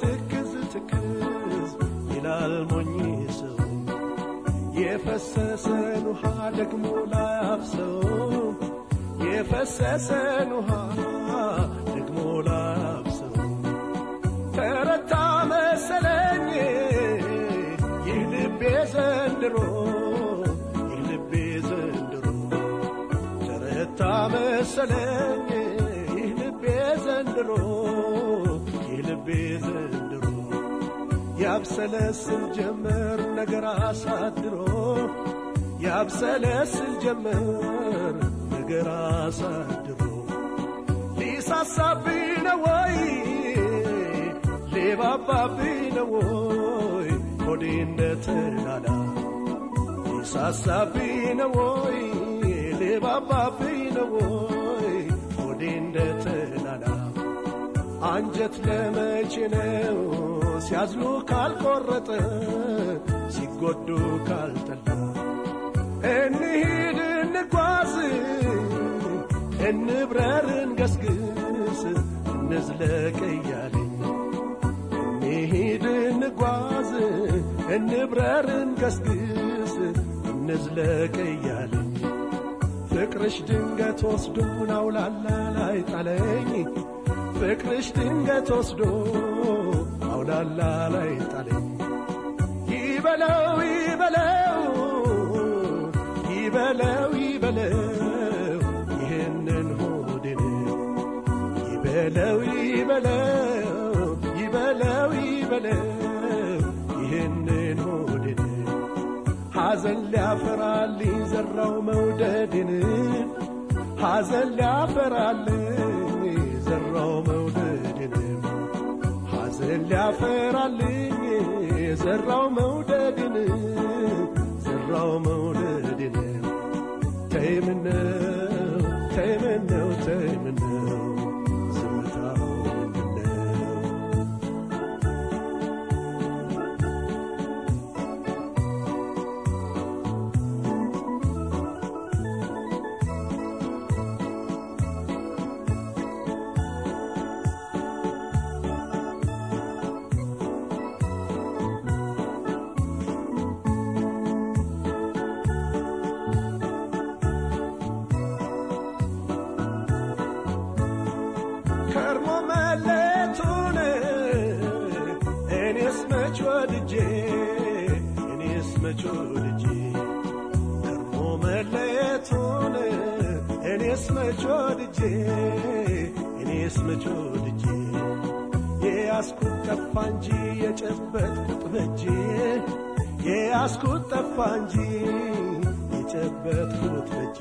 ትክዝ ትክዝ ይላል ሞኝ ሰው የፈሰሰን ውሃ ደግሞ ላያፍሰው የፈሰሰን ውሃ ደግሞ ላያፍሰው ተረታ መሰለኝ ይህ ልቤ ዘንድሮ ይህ ልቤ ዘንድሮ ተረታ መሰለኝ ይህ ልቤ ዘንድሮ ልቤ ዘንድሮ ያብሰለስል ጀመር ነገር አሳድሮ ያብሰለስል ጀመር ነገር አሳድሮ ሊሳሳብኝ ነው ወይ ሊባባብኝ ወይ ሆዴ እንደተላላ ሊሳሳብኝ ነው ወይ ሊባባብኝ ወይ ሆዴ እንደተላላ አንጀት ለመቼ ነው ሲያዝኑ ካልቆረጠ ሲጎዱ ካልጠላ እንሂድ እንጓዝ እንብረር እንገስግስ እንዝለቅ እያለ እንሂድ እንጓዝ እንብረር እንገስግስ እንዝለቅ እያለ ፍቅርሽ ድንገት ወስዱን ናውላላ ላይ ጣለኝ ፍቅርሽ ድንገት ወስዶ አውላላ ላይ ጣለኝ። ይበለው ይበለው ይበለው ይበለው ይህንን ሆዴን ይበለው ይበለው ይበለው ይበለው ይህንን ሆዴን ሐዘን ሊያፈራልኝ ዘራው መውደድን ሐዘን ሊያፈራልኝ ሊያፈራልኝ ዘራው መውደድን ዘራው መውደድን ተይምነ እኔስ መች ወድጄ እኔስ መች ወድጄ ከርሞ መለየቱን እኔስ መች ወድጄ እኔስ መች ወድጄ የያዝኩት ጠፋ እንጂ የጨበጥኩት በጄ የያዝኩት ጠፋ እንጂ የጨበጥኩት በጄ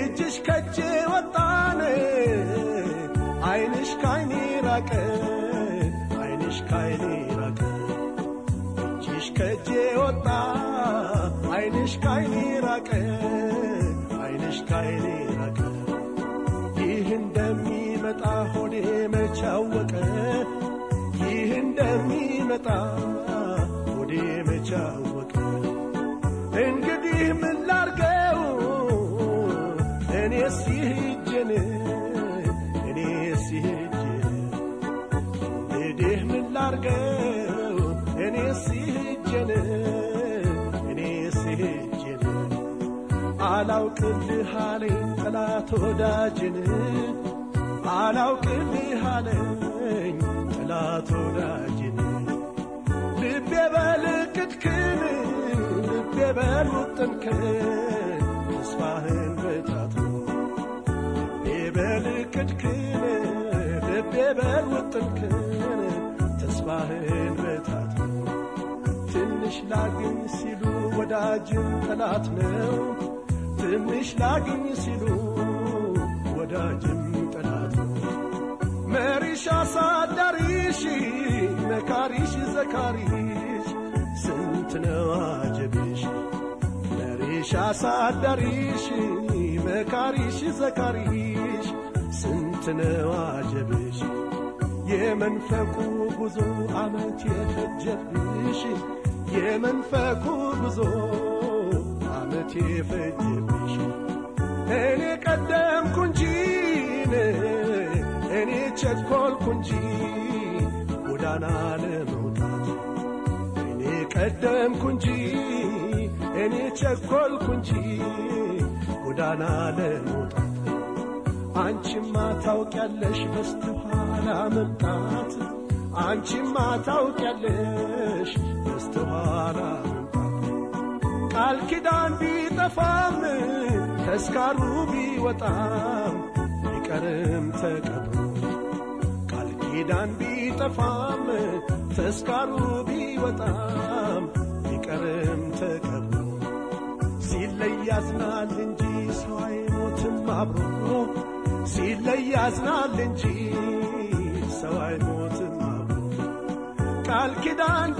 እጅሽ ከጄ ወጣን አይንሽ ካይኔ ራቀ እጅሽ ካይኔ ራቀ እጅሽ ከእጄ ወጣ አይንሽ ካይኔ ራቀ አይንሽ ካይኔ ራቀ ይህ እንደሚመጣ ሆዴ መች ይህ እንደሚመጣ ሆዴ መች አላውቅልህ አለ ጠላት ወዳጅን አላውቅልህ አለኝ ጠላት ወዳጅን ልቤ በል ቅድክን ልቤ በል ተስፋህን በጣቶ ልቤ በል ልቤ በል ተስፋህን በጣቶ ትንሽ ላግኝ ሲሉ ወዳጅን ጠላት ነው ትንሽ ላግኝ ሲሉ ወዳጅም ጠላት መሪሽ አሳዳሪሽ መካሪሽ ዘካሪሽ ስንት ነው አጀብሽ መሪሽ አሳዳሪሽ መካሪሽ ዘካሪሽ ስንት ነው አጀብሽ የመንፈቁ ጉዞ አመት የፈጀብሽ የመንፈቁ ጉዞ ሕይወቴ ፈጀብሽ እኔ ቀደምኩ እንጂ እኔ ቸኮልኩ እንጂ ጎዳና ለመውጣት እኔ ቀደምኩ እንጂ እኔ ቸኮልኩ እንጂ ጎዳና ለመውጣት አንቺማ ታውቂያለሽ በስተኋላ መምጣት አንቺማ ታውቂያለሽ በስተኋላ ቃል ኪዳን ቢጠፋም ተስካሩ ቢወጣም ቢቀርም ተቀብሮ ቃል ኪዳን ቢጠፋም ተስካሩ ቢወጣም ቢቀርም ተቀብሮ ሲለያዝናል እንጂ ሰው አይሞትም አብሮ ሲለይ እንጂ ሰው አይሞትም አብሮ ቃል ኪዳን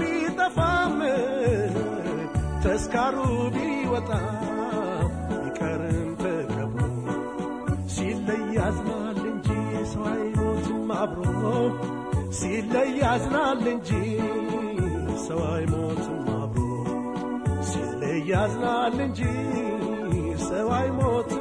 ተስካሩ ቢወጣ ቢቀርም ሲለይ ያዝናል እንጂ ሰው አይሞትም አብሮ ሲለይ ያዝናል እንጂ ሰው አይሞትም አብሮ ሲለይ እንጂ ሰው አይሞት